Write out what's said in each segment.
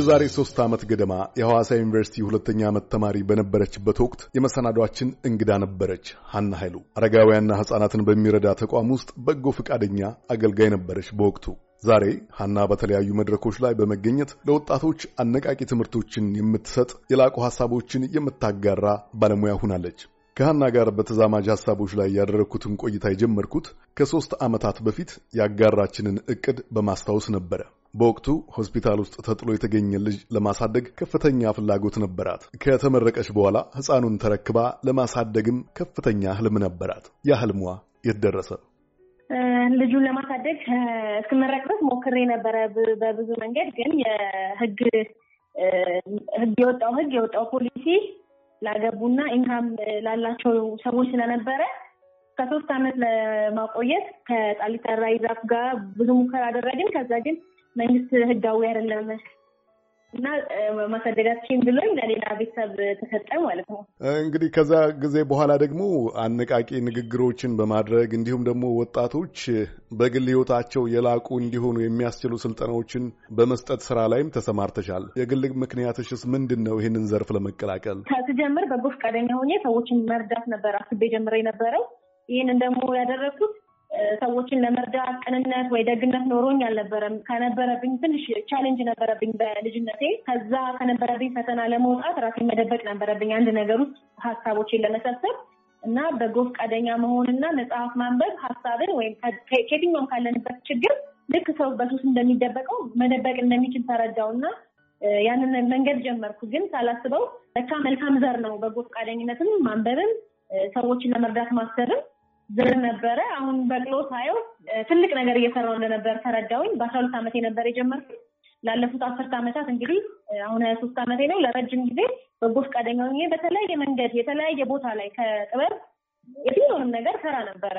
የዛሬ ሶስት ዓመት ገደማ የሐዋሳ ዩኒቨርሲቲ ሁለተኛ ዓመት ተማሪ በነበረችበት ወቅት የመሰናዷችን እንግዳ ነበረች። ሀና ኃይሉ አረጋውያንና ሕፃናትን በሚረዳ ተቋም ውስጥ በጎ ፈቃደኛ አገልጋይ ነበረች በወቅቱ። ዛሬ ሀና በተለያዩ መድረኮች ላይ በመገኘት ለወጣቶች አነቃቂ ትምህርቶችን የምትሰጥ የላቁ ሐሳቦችን የምታጋራ ባለሙያ ሁናለች። ከሀና ጋር በተዛማጅ ሐሳቦች ላይ ያደረግኩትን ቆይታ የጀመርኩት ከሦስት ዓመታት በፊት ያጋራችንን ዕቅድ በማስታወስ ነበረ። በወቅቱ ሆስፒታል ውስጥ ተጥሎ የተገኘ ልጅ ለማሳደግ ከፍተኛ ፍላጎት ነበራት። ከተመረቀች በኋላ ሕፃኑን ተረክባ ለማሳደግም ከፍተኛ ህልም ነበራት። ያ ህልሟ የት ደረሰ? ልጁን ለማሳደግ እስክመረቅ ድረስ ሞክሬ ነበረ በብዙ መንገድ። ግን የህግ ህግ የወጣው ህግ የወጣው ፖሊሲ ላገቡና ኢንካም ላላቸው ሰዎች ስለነበረ ከሶስት አመት ለማቆየት ከጣሊታ ጋር ብዙ ሙከራ አደረግን። ከዛ ግን መንግስት ህጋዊ አይደለም እና ማሳደጋችን ብሎኝ ለሌላ ቤተሰብ ተሰጠ ማለት ነው። እንግዲህ ከዛ ጊዜ በኋላ ደግሞ አነቃቂ ንግግሮችን በማድረግ እንዲሁም ደግሞ ወጣቶች በግል ህይወታቸው የላቁ እንዲሆኑ የሚያስችሉ ስልጠናዎችን በመስጠት ስራ ላይም ተሰማርተሻል። የግል ምክንያትሽስ ምንድን ነው? ይህንን ዘርፍ ለመቀላቀል ከስጀምር በጎ ፈቃደኛ ሆኜ ሰዎችን መርዳት ነበር አስቤ ጀምሬ የነበረው። ይህንን ደግሞ ያደረግኩት ሰዎችን ለመርዳት ቅንነት ወይ ደግነት ኖሮኝ አልነበረም። ከነበረብኝ ትንሽ ቻሌንጅ ነበረብኝ በልጅነቴ። ከዛ ከነበረብኝ ፈተና ለመውጣት ራሴ መደበቅ ነበረብኝ አንድ ነገር ውስጥ ሀሳቦችን ለመሰብሰብ እና በጎ ፈቃደኛ መሆንና መጽሐፍ ማንበብ ሀሳብን ወይም ከየትኛውም ካለንበት ችግር ልክ ሰው በሱስ እንደሚደበቀው መደበቅ እንደሚችል ተረዳው እና ያንን መንገድ ጀመርኩ። ግን ሳላስበው ለካ መልካም ዘር ነው በጎ ፈቃደኝነትም ማንበብም ሰዎችን ለመርዳት ማሰብም ዘር ነበረ። አሁን በቅሎ ሳየው ትልቅ ነገር እየሰራው እንደነበር ተረዳውኝ። በአስራ ሁለት ዓመቴ ነበር የጀመርኩት። ላለፉት አስርት ዓመታት እንግዲህ አሁን ሀያ ሶስት ዓመቴ ነው። ለረጅም ጊዜ በጎ ፈቃደኛ ሆኜ በተለያየ መንገድ የተለያየ ቦታ ላይ ከጥበብ የትኛውንም ነገር ሰራ ነበረ።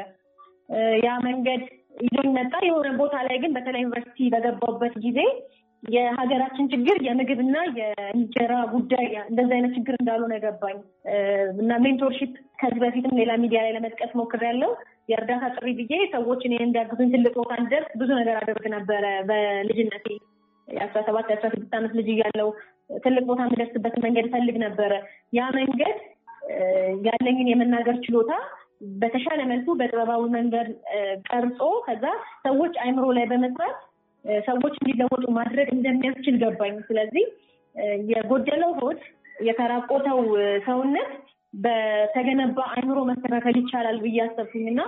ያ መንገድ ይዞኝ መጣ። የሆነ ቦታ ላይ ግን በተለይ ዩኒቨርሲቲ በገባሁበት ጊዜ የሀገራችን ችግር የምግብና የእንጀራ ጉዳይ እንደዚህ አይነት ችግር እንዳልሆነ ገባኝ እና ሜንቶርሺፕ ከዚህ በፊትም ሌላ ሚዲያ ላይ ለመጥቀስ ያለው የእርዳታ ጥሪ ብዬ ሰዎች እንዲያግዙኝ ትልቅ ቦታ እንደርስ ብዙ ነገር አደርግ ነበረ። በልጅነቴ የአስራ ሰባት የአስራ ስድስት ዓመት ልጅ እያለሁ ትልቅ ቦታ የምደርስበት መንገድ እፈልግ ነበረ። ያ መንገድ ያለኝን የመናገር ችሎታ በተሻለ መልኩ በጥበባዊ መንገድ ቀርጾ ከዛ ሰዎች አይምሮ ላይ በመስራት ሰዎች እንዲለወጡ ማድረግ እንደሚያስችል ገባኝ። ስለዚህ የጎደለው ሆድ፣ የተራቆተው ሰውነት በተገነባ አይምሮ መስተካከል ይቻላል ብዬ አሰብኩኝ እና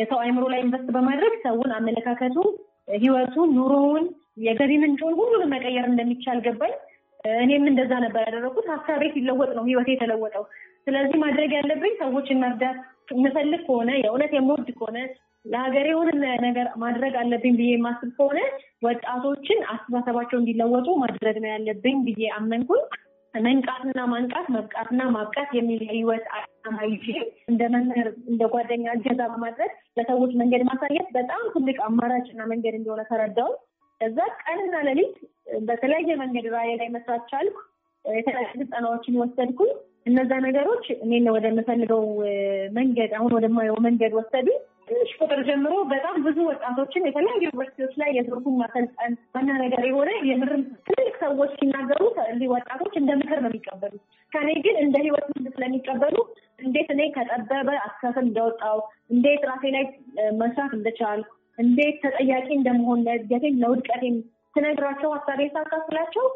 የሰው አይምሮ ላይ ኢንቨስት በማድረግ ሰውን አመለካከቱ፣ ህይወቱን፣ ኑሮውን፣ የገቢ ምንጩን ሁሉንም መቀየር እንደሚቻል ገባኝ። እኔም እንደዛ ነበር ያደረኩት። ሀሳቤ ሲለወጥ ነው ህይወቴ የተለወጠው። ስለዚህ ማድረግ ያለብኝ ሰዎችን መርዳት የምፈልግ ከሆነ የእውነት የምወድ ከሆነ ለሀገር የሆነ ነገር ማድረግ አለብኝ ብዬ የማስብ ከሆነ ወጣቶችን አስተሳሰባቸው እንዲለወጡ ማድረግ ነው ያለብኝ ብዬ አመንኩኝ። መንቃትና ማንቃት መብቃትና ማብቃት የሚል የህይወት አማይሽ እንደ መምህር እንደ ጓደኛ እገዛ በማድረግ ለሰዎች መንገድ ማሳየት በጣም ትልቅ አማራጭና መንገድ እንደሆነ ተረዳው። እዛ ቀንና ሌሊት በተለያየ መንገድ ራዕይ ላይ መስራት ቻልኩ። የተለያዩ ስልጠናዎችን ወሰድኩኝ። እነዛ ነገሮች እኔን ወደምፈልገው መንገድ አሁን ወደማየው መንገድ ወሰዱ። ቁጥር ጀምሮ በጣም ብዙ ወጣቶችን የተለያዩ ዩኒቨርሲቲዎች ላይ የትርጉም ማሰልጠን ዋና ነገር የሆነ የምር ትልቅ ሰዎች ሲናገሩ እዚህ ወጣቶች እንደ ምክር ነው የሚቀበሉ። ከኔ ግን እንደ ህይወት ምድ ስለሚቀበሉ እንዴት እኔ ከጠበበ አስተሳሰብ እንደወጣው፣ እንዴት ራሴ ላይ መስራት እንደቻል እንዴት ተጠያቂ እንደመሆን ለእድገቴም ለውድቀቴም ስነግራቸው ሀሳቤ ሳካፍላቸው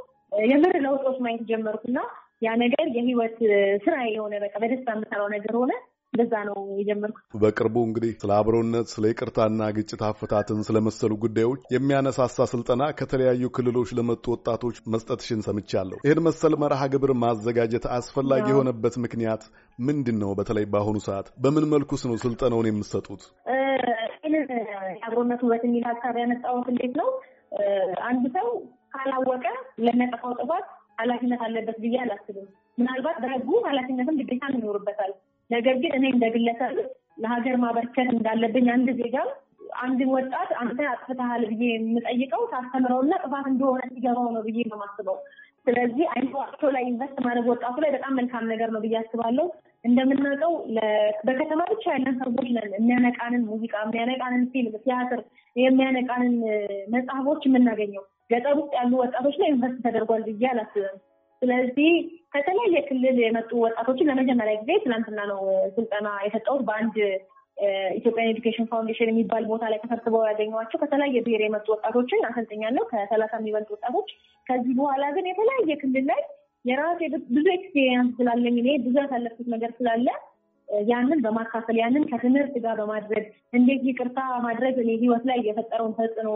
የምር ለውጦች ማየት ጀመርኩና ያ ነገር የህይወት ስራ የሆነ በቃ በደስታ የምሰራው ነገር ሆነ። እንደዛ ነው የጀመርኩት። በቅርቡ እንግዲህ ስለ አብሮነት፣ ስለ ይቅርታና ግጭት አፈታትን ስለመሰሉ ጉዳዮች የሚያነሳሳ ስልጠና ከተለያዩ ክልሎች ለመጡ ወጣቶች መስጠትሽን ሰምቻለሁ። ይህን መሰል መርሃ ግብር ማዘጋጀት አስፈላጊ የሆነበት ምክንያት ምንድን ነው? በተለይ በአሁኑ ሰዓት በምን መልኩስ ነው ስልጠናውን የምሰጡት? ይህንን የአብሮነት ውበት የሚል ሀሳብ እንዴት ነው አንድ ሰው ካላወቀ ለሚያጠፋው ጥፋት ኃላፊነት አለበት ብዬ አላስብም። ምናልባት በህጉ ኃላፊነትም ግዴታ ይኖርበታል። ነገር ግን እኔ እንደ ግለሰብ ለሀገር ማበርከት እንዳለብኝ አንድ ዜጋ አንድን ወጣት አንተ አጥፍተሃል ብዬ የምጠይቀው ሳስተምረውና ጥፋት እንደሆነ ሲገባው ነው ብዬ ነው የማስበው። ስለዚህ አይምሯቸው ላይ ኢንቨስት ማድረግ ወጣቱ ላይ በጣም መልካም ነገር ነው ብዬ አስባለሁ። እንደምናውቀው በከተማ ብቻ ያለን ሰዎች ነን የሚያነቃንን ሙዚቃ፣ የሚያነቃንን ፊልም፣ ቲያትር፣ የሚያነቃንን መጽሐፎች የምናገኘው ገጠር ውስጥ ያሉ ወጣቶች ላይ ኢንቨስት ተደርጓል ብዬ አላስብም። ስለዚህ ከተለያየ ክልል የመጡ ወጣቶችን ለመጀመሪያ ጊዜ ትናንትና ነው ስልጠና የሰጠሁት በአንድ ኢትዮጵያን ኤዱኬሽን ፋውንዴሽን የሚባል ቦታ ላይ ተሰብስበው ያገኘኋቸው ከተለያየ ብሔር የመጡ ወጣቶችን አሰልጥኛለሁ። ከሰላሳ የሚበልጡ ወጣቶች። ከዚህ በኋላ ግን የተለያየ ክልል ላይ የራሴ ብዙ ኤክስፔሪንስ ስላለኝ እኔ ብዙ ያሳለፍኩት ነገር ስላለ ያንን በማካፈል ያንን ከትምህርት ጋር በማድረግ እንዴት ይቅርታ ማድረግ እኔ ህይወት ላይ የፈጠረውን ተጽዕኖ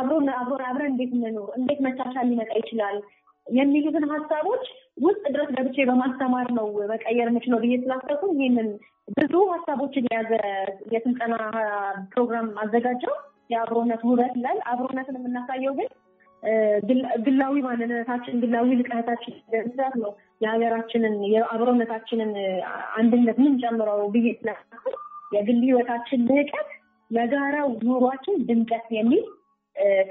አብሮ አብሮን አብረን እንዴት እንኖር እንዴት መቻቻል ሊመጣ ይችላል፣ የሚሉትን ሀሳቦች ውስጥ ድረስ ገብቼ በማስተማር ነው መቀየር የምችለው ብዬ ስላሰብኩ ይህንን ብዙ ሀሳቦችን የያዘ የስልጠና ፕሮግራም አዘጋጀው። የአብሮነት ውበት ላይ አብሮነትን የምናሳየው ግን ግላዊ ማንነታችን፣ ግላዊ ልቀታችን ደንዛት ነው የሀገራችንን የአብሮነታችንን አንድነት ምን ጨምረው ብዬ ስላሰብኩ የግል ህይወታችን ልቀት ለጋራው ኑሯችን ድምቀት የሚል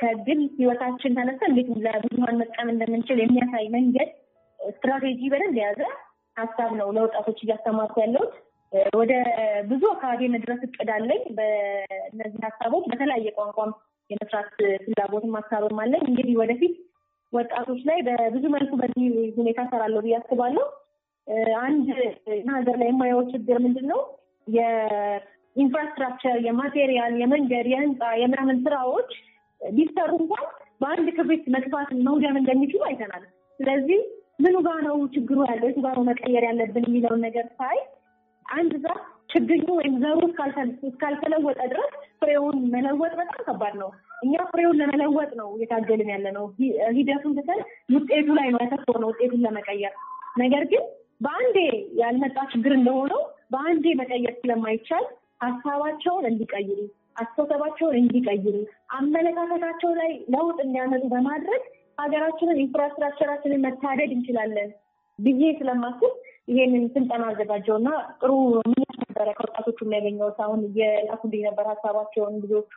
ከግል ህይወታችን ተነሳ እንዴት ለብዙሀን መጥቀም እንደምንችል የሚያሳይ መንገድ ስትራቴጂ በደንብ የያዘ ሀሳብ ነው ለወጣቶች እያስተማርኩ ያለሁት። ወደ ብዙ አካባቢ መድረስ እቅድ አለኝ። በእነዚህ ሀሳቦች በተለያየ ቋንቋም የመስራት ፍላጎትም ሀሳብም አለኝ። እንግዲህ ወደፊት ወጣቶች ላይ በብዙ መልኩ በዚህ ሁኔታ ሰራለሁ ብዬ አስባለሁ። አንድ ሀገር ላይ የማየው ችግር ምንድን ነው? የኢንፍራስትራክቸር፣ የማቴሪያል፣ የመንገድ፣ የህንፃ፣ የምናምን ስራዎች ቢሰሩ እንኳን በአንድ ክብሪት መግፋት መውደም እንደሚችሉ አይተናል። ስለዚህ ምኑ ጋ ነው ችግሩ ያለው የቱ ጋ ነው መቀየር ያለብን የሚለውን ነገር ሳይ አንድ ዛፍ ችግኙ ወይም ዘሩ እስካልተለወጠ ድረስ ፍሬውን መለወጥ በጣም ከባድ ነው። እኛ ፍሬውን ለመለወጥ ነው እየታገልን ያለ ነው። ሂደቱን ትተን ውጤቱ ላይ ነው ያተኮር ነው ውጤቱን ለመቀየር ነገር ግን በአንዴ ያልመጣ ችግር እንደሆነው በአንዴ መቀየር ስለማይቻል ሀሳባቸውን እንዲቀይሩ አስተሳሰባቸውን እንዲቀይሩ አመለካከታቸው ላይ ለውጥ እንዲያመጡ በማድረግ ሀገራችንን ኢንፍራስትራክቸራችንን መታደግ እንችላለን ብዬ ስለማስብ ይሄንን ስልጠና አዘጋጀው እና ጥሩ ምን ነበረ ከወጣቶቹ የሚያገኘው አሁን የላኩልኝ ነበር ሀሳባቸውን ልጆቹ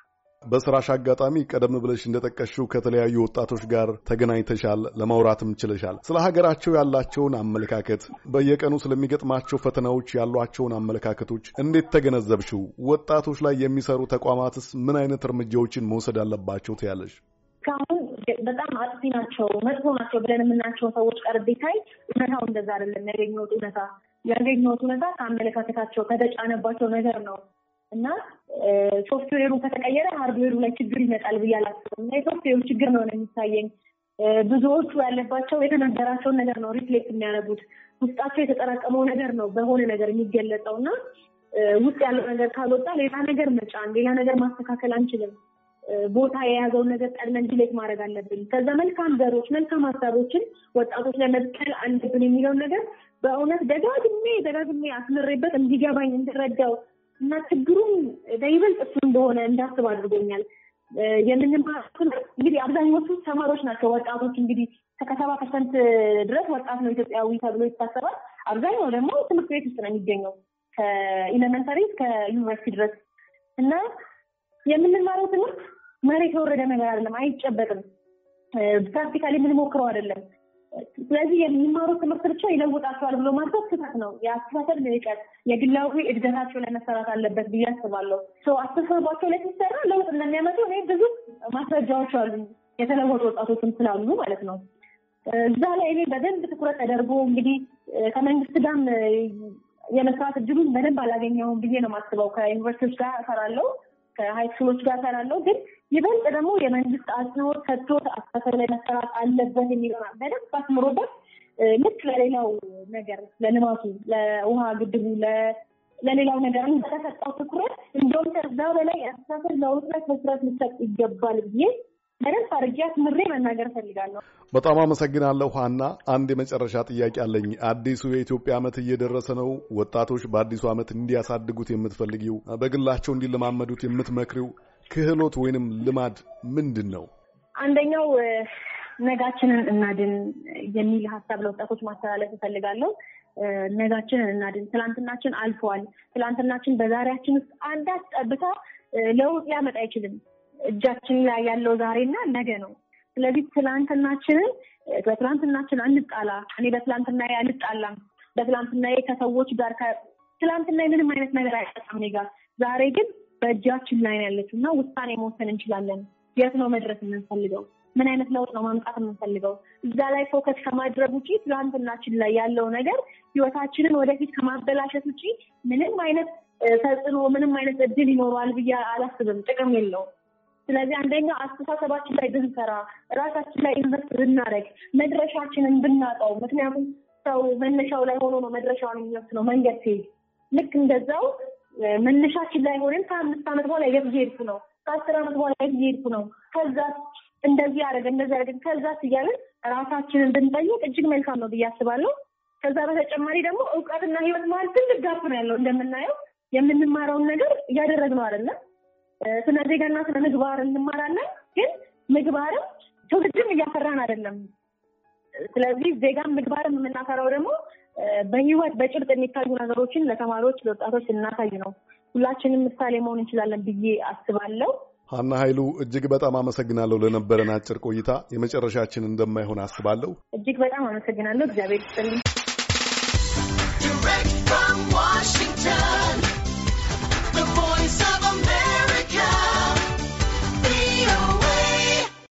በስራሽ አጋጣሚ ቀደም ብለሽ እንደጠቀሽው ከተለያዩ ወጣቶች ጋር ተገናኝተሻል፣ ለማውራትም ችለሻል። ስለ ሀገራቸው ያላቸውን አመለካከት፣ በየቀኑ ስለሚገጥማቸው ፈተናዎች ያሏቸውን አመለካከቶች እንዴት ተገነዘብሽው? ወጣቶች ላይ የሚሰሩ ተቋማትስ ምን አይነት እርምጃዎችን መውሰድ አለባቸው ትያለሽ? በጣም አጥፊ ናቸው፣ መጥፎ ናቸው ብለን የምናቸው ሰዎች ቀር ቤታይ እውነታው እንደዛ አይደለም። ያገኘሁት እውነታ ያገኘሁት እውነታ ከአመለካከታቸው ከተጫነባቸው ነገር ነው እና ሶፍትዌሩ ከተቀየረ ሀርድዌሩ ላይ ችግር ይመጣል ብዬ አላስብም። እና የሶፍትዌሩ ችግር ነው ነው የሚታየኝ። ብዙዎቹ ያለባቸው የተነገራቸውን ነገር ነው ሪፍሌክት የሚያደርጉት። ውስጣቸው የተጠራቀመው ነገር ነው በሆነ ነገር የሚገለጸው እና ውስጥ ያለው ነገር ካልወጣ ሌላ ነገር መጫን፣ ሌላ ነገር ማስተካከል አንችልም። ቦታ የያዘውን ነገር ቀድመን ዲሌት ማድረግ አለብን። ከዛ መልካም ዘሮች፣ መልካም ሀሳቦችን ወጣቶች ላይ መትከል አለብን የሚለውን ነገር በእውነት ደጋግሜ ደጋግሜ አስምሬበት እንዲገባኝ እንድረዳው እና ችግሩም በይበልጥ እሱ እንደሆነ እንዳስብ አድርጎኛል። የምንማራቱን እንግዲህ አብዛኞቹ ተማሪዎች ናቸው ወጣቶች። እንግዲህ ከሰባ ፐርሰንት ድረስ ወጣት ነው ኢትዮጵያዊ ተብሎ ይታሰባል። አብዛኛው ደግሞ ትምህርት ቤት ውስጥ ነው የሚገኘው ከኢለመንታሪ እስከ ዩኒቨርሲቲ ድረስ እና የምንማረው ትምህርት መሬት የወረደ ነገር አይደለም፣ አይጨበጥም። ፕራክቲካል የምንሞክረው አይደለም። ስለዚህ የሚማሩት ትምህርት ብቻ ይለውጣቸዋል ብሎ ማንሳት ስህተት ነው። የአስተሳሰብ ልቀት የግላዊ እድገታቸው ላይ መሰራት አለበት ብዬ አስባለሁ። አስተሳሰባቸው ላይ ሲሰራ ለውጥ እንደሚያመጡ እኔ ብዙ ማስረጃዎች አሉ፣ የተለወጡ ወጣቶችም ስላሉ ማለት ነው። እዛ ላይ እኔ በደንብ ትኩረት ተደርጎ እንግዲህ ከመንግስት ጋር የመስራት እድሉን በደንብ አላገኘውም ብዬ ነው የማስበው። ከዩኒቨርሲቲዎች ጋር እሰራለሁ ከሀይስኩሎች ጋር ሰራለው ግን ይበልጥ ደግሞ የመንግስት አጽንኦት ሰጥቶት አስተሳሰብ ላይ መሰራት አለበት የሚለውን በደንብ አስምሮበት ልክ ለሌላው ነገር ለልማቱ፣ ለውሃ ግድቡ፣ ለሌላው ነገር እንደተሰጠው ትኩረት እንደውም ከዛ በላይ አስተሳሰብ ለውጥረት መስረት ሊሰጥ ይገባል ብዬ በደንብ አድርጌ አስምሬ መናገር ፈልጋለሁ። በጣም አመሰግናለሁ ሀና። አንድ የመጨረሻ ጥያቄ አለኝ። አዲሱ የኢትዮጵያ ዓመት እየደረሰ ነው። ወጣቶች በአዲሱ ዓመት እንዲያሳድጉት የምትፈልጊው በግላቸው እንዲለማመዱት የምትመክሪው ክህሎት ወይንም ልማድ ምንድን ነው? አንደኛው ነጋችንን እናድን የሚል ሀሳብ ለወጣቶች ማስተላለፍ እፈልጋለሁ። ነጋችንን እናድን። ትላንትናችን አልፈዋል። ትላንትናችን በዛሬያችን ውስጥ አንዳች ጠብታ ለውጥ ሊያመጣ አይችልም። እጃችን ላይ ያለው ዛሬና ነገ ነው። ስለዚህ ትላንትናችንን በትላንትናችን አንጣላ። እኔ በትላንትና አልጣላም። በትላንትና ከሰዎች ጋር ትላንትና ምንም አይነት ነገር አይጠጣም እኔ ጋር። ዛሬ ግን በእጃችን ላይ ያለችው እና ውሳኔ መወሰን እንችላለን። የት ነው መድረስ የምንፈልገው? ምን አይነት ለውጥ ነው ማምጣት የምንፈልገው? እዛ ላይ ፎከስ ከማድረግ ውጭ ትላንትናችን ላይ ያለው ነገር ህይወታችንን ወደፊት ከማበላሸት ውጭ ምንም አይነት ተጽዕኖ፣ ምንም አይነት እድል ይኖረዋል ብዬ አላስብም። ጥቅም የለውም። ስለዚህ አንደኛው አስተሳሰባችን ላይ ብንሰራ፣ ራሳችን ላይ ኢንቨስት ብናደረግ፣ መድረሻችንን ብናውቀው። ምክንያቱም ሰው መነሻው ላይ ሆኖ ነው መድረሻውን የሚወስነው መንገድ ሲሄድ። ልክ እንደዛው መነሻችን ላይ ሆነን ከአምስት ዓመት በኋላ የት እየሄድኩ ነው፣ ከአስር ዓመት በኋላ የት እየሄድኩ ነው፣ ከዛ እንደዚህ አደረገ እንደዚህ አደረገ ከዛ እያለን ራሳችንን ብንጠይቅ እጅግ መልካም ነው ብዬ አስባለሁ። ከዛ በተጨማሪ ደግሞ እውቀትና ህይወት መሀል ትልቅ ጋፕ ነው ያለው። እንደምናየው የምንማረውን ነገር እያደረግነው አይደለም ስነ ዜጋና ስነ ምግባር እንማራለን፣ ግን ምግባርም ትውልድም እያፈራን አይደለም። ስለዚህ ዜጋም ምግባርም የምናፈራው ደግሞ በህይወት በጭብጥ የሚታዩ ነገሮችን ለተማሪዎች ለወጣቶች ስናሳይ ነው። ሁላችንም ምሳሌ መሆን እንችላለን ብዬ አስባለሁ። ሀና ኃይሉ እጅግ በጣም አመሰግናለሁ ለነበረን አጭር ቆይታ። የመጨረሻችን እንደማይሆን አስባለሁ። እጅግ በጣም አመሰግናለሁ። እግዚአብሔር ይስጥልኝ።